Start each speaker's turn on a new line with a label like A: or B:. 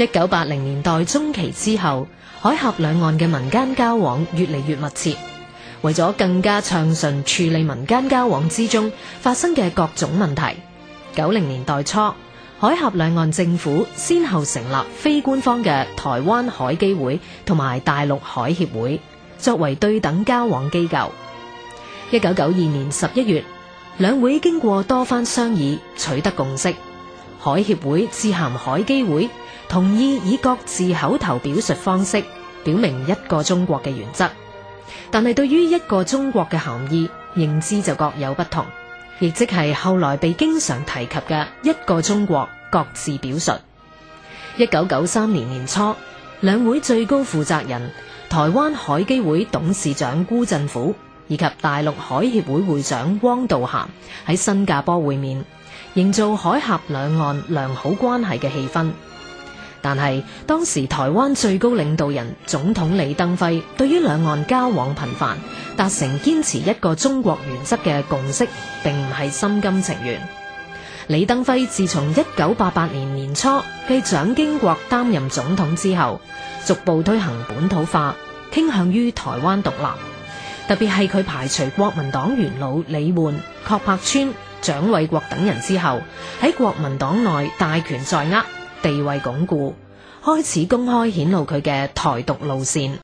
A: 一九八零年代中期之後，海峽兩岸嘅民間交往越嚟越密切。為咗更加暢順處理民間交往之中發生嘅各種問題，九零年代初，海峽兩岸政府先後成立非官方嘅台灣海基會同埋大陸海協會，作為對等交往機構。一九九二年十一月，兩會經過多番商議，取得共識。海協會致函海基會，同意以各自口頭表述方式表明一個中國嘅原則，但係對於一個中國嘅含義認知就各有不同，亦即係後來被經常提及嘅一個中國各自表述。一九九三年年初，兩會最高負責人台灣海基會董事長辜振甫以及大陸海協會會長汪道涵喺新加坡會面。營造海峽兩岸良好關係嘅氣氛，但係當時台灣最高領導人總統李登輝對於兩岸交往頻繁達成堅持一個中國原則嘅共識，並唔係心甘情願。李登輝自從一九八八年年初繼蔣經國擔任總統之後，逐步推行本土化，傾向於台灣獨立，特別係佢排除國民黨元老李煥、郝柏村，蔣緯國等人之後，喺國民黨內大權在握，地位鞏固，開始公開顯露佢嘅台獨路線。